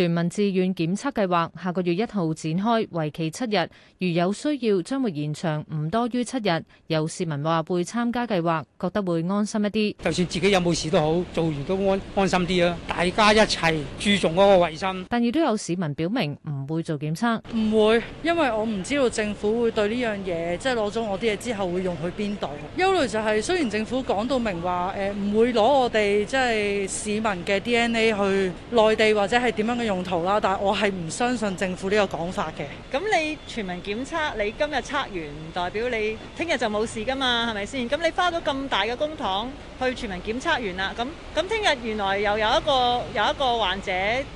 全民自願檢測計劃下個月一號展開，為期七日，如有需要將會延長，唔多於七日。有市民話會參加計劃，覺得會安心一啲。就算自己有冇事都好，做完都安安心啲啊，大家一齊注重嗰個衛生。但亦都有市民表明唔會做檢測，唔會，因為我唔知道政府會對呢樣嘢，即係攞咗我啲嘢之後會用去邊度。憂慮就係、是、雖然政府講到明話，誒、呃、唔會攞我哋即係市民嘅 DNA 去內地或者係點樣嘅。用途啦，但係我係唔相信政府呢個講法嘅。咁你全民檢測，你今日測完，唔代表你聽日就冇事噶嘛？係咪先？咁你花咗咁大嘅公帑去全民檢測完啦，咁咁聽日原來又有一個有一個患者，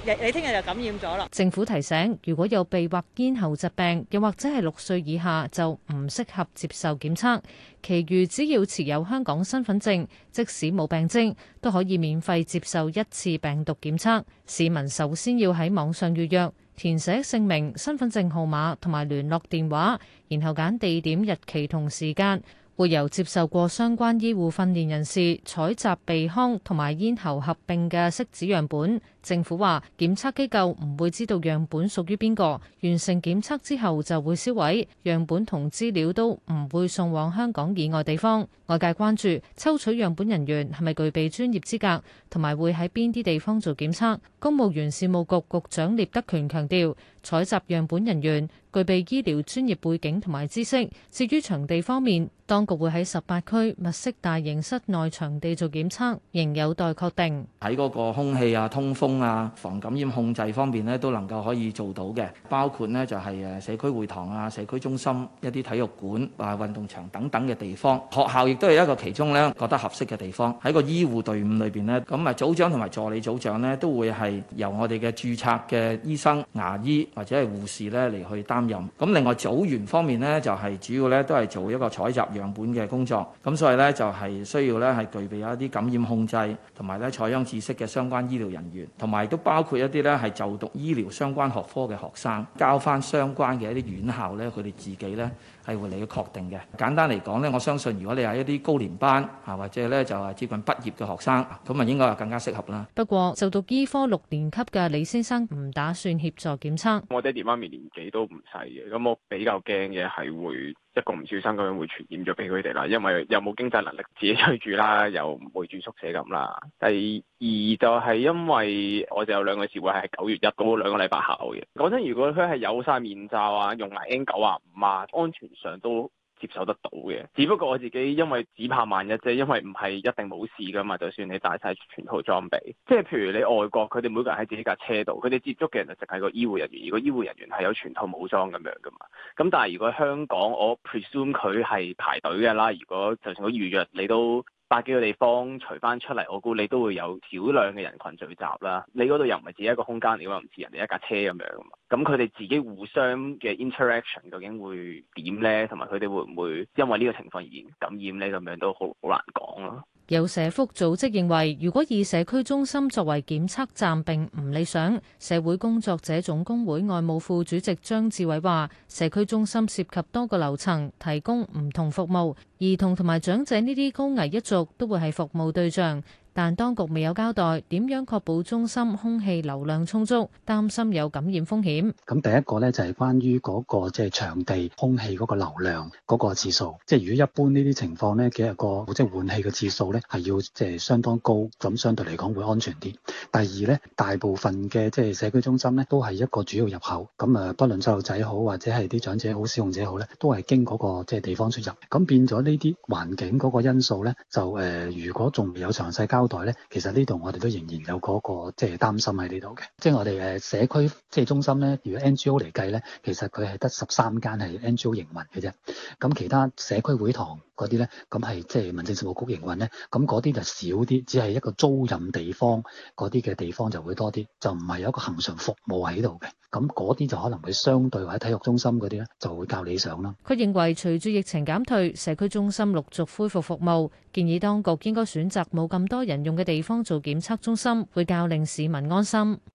你你聽日就感染咗啦。政府提醒，如果有鼻或咽喉疾病，又或者係六歲以下，就唔適合接受檢測。其餘只要持有香港身份證，即使冇病徵，都可以免費接受一次病毒檢測。市民首先要喺網上預約，填寫姓名、身份證號碼同埋聯絡電話，然後揀地點、日期同時間，會由接受過相關醫護訓練人士採集鼻腔同埋咽喉合併嘅拭子樣本。政府話，檢測機構唔會知道樣本屬於邊個，完成檢測之後就會銷毀，樣本同資料都唔會送往香港以外地方。外界關注抽取樣本人員係咪具備專業資格，同埋會喺邊啲地方做檢測。公務員事務局局,局長聶德權強調，採集樣本人員具備醫療專業背景同埋知識。至於場地方面，當局會喺十八區密室大型室內場地做檢測，仍有待確定。喺嗰個空氣啊，通風。啊，防感染控制方面咧，都能夠可以做到嘅，包括呢就係誒社區會堂啊、社區中心一啲體育館啊、運動場等等嘅地方，學校亦都係一個其中咧覺得合適嘅地方。喺個醫護隊伍裏邊呢，咁啊組長同埋助理組長呢，都會係由我哋嘅註冊嘅醫生、牙醫或者係護士咧嚟去擔任。咁另外組員方面呢，就係主要呢都係做一個採集樣本嘅工作。咁所以呢就係需要呢係具備一啲感染控制同埋咧採樣知識嘅相關醫療人員。同埋都包括一啲咧，係就讀醫療相關學科嘅學生，交翻相關嘅一啲院校咧，佢哋自己咧係會嚟到確定嘅。簡單嚟講咧，我相信如果你係一啲高年班嚇，或者咧就係接近畢業嘅學生，咁啊應該係更加適合啦。不過就讀醫科六年級嘅李先生唔打算協助檢測。我爹哋媽咪年紀都唔細嘅，咁我比較驚嘅係會一個唔小心咁樣會傳染咗俾佢哋啦，因為又冇經濟能力自己居住啦，又唔會住宿舍咁啦。第二就係因為。我哋有兩個協會係九月一嗰兩個禮拜考嘅。講真，如果佢係有晒面罩啊，用埋 N 九啊五啊，安全上都接受得到嘅。只不過我自己因為只怕萬一啫，因為唔係一定冇事噶嘛。就算你帶晒全套裝備，即係譬如你外國佢哋每個人喺自己架車度，佢哋接觸嘅人就淨係個醫護人員。如果醫護人員係有全套武裝咁樣噶嘛，咁但係如果香港，我 presume 佢係排隊噶啦。如果就算佢預約，你都。百幾個地方除翻出嚟，我估你都會有少量嘅人群聚集啦。你嗰度又唔係自己一個空間你㗎，唔似人哋一架車咁樣。咁佢哋自己互相嘅 interaction 究竟會點呢？同埋佢哋會唔會因為呢個情況而感染呢？咁樣都好好難講咯。有社福組織認為，如果以社區中心作為檢測站並唔理想。社會工作者總工會外務副主席張志偉話：社區中心涉及多個樓層，提供唔同服務，兒童同埋長者呢啲高危一族都會係服務對象。但當局未有交代點樣確保中心空氣流量充足，擔心有感染風險。咁第一個咧就係關於嗰個即係場地空氣嗰個流量嗰個次數。即係如果一般呢啲情況咧，幾日個即係換氣嘅次數咧係要即係相當高，咁相對嚟講會安全啲。第二咧，大部分嘅即係社區中心咧都係一個主要入口。咁啊，不論細路仔好，或者係啲長者好、使用者好咧，都係經嗰個即係地方出入。咁變咗呢啲環境嗰個因素咧，就誒、呃，如果仲未有詳細交。呢度咧，其實呢度我哋都仍然有嗰個即係擔心喺呢度嘅，即係我哋誒社區即係中心咧，如果 NGO 嚟計咧，其實佢係得十三間係 NGO 營運嘅啫，咁其他社區會堂嗰啲咧，咁係即係民政事務局營運咧，咁嗰啲就少啲，只係一個租賃地方嗰啲嘅地方就會多啲，就唔係有一個恒常服務喺度嘅，咁嗰啲就可能會相對喺體育中心嗰啲咧就會較理想啦。佢認為隨住疫情減退，社區中心陸續恢復服務，建議當局應該選擇冇咁多人。人用嘅地方做檢測中心，會較令市民安心。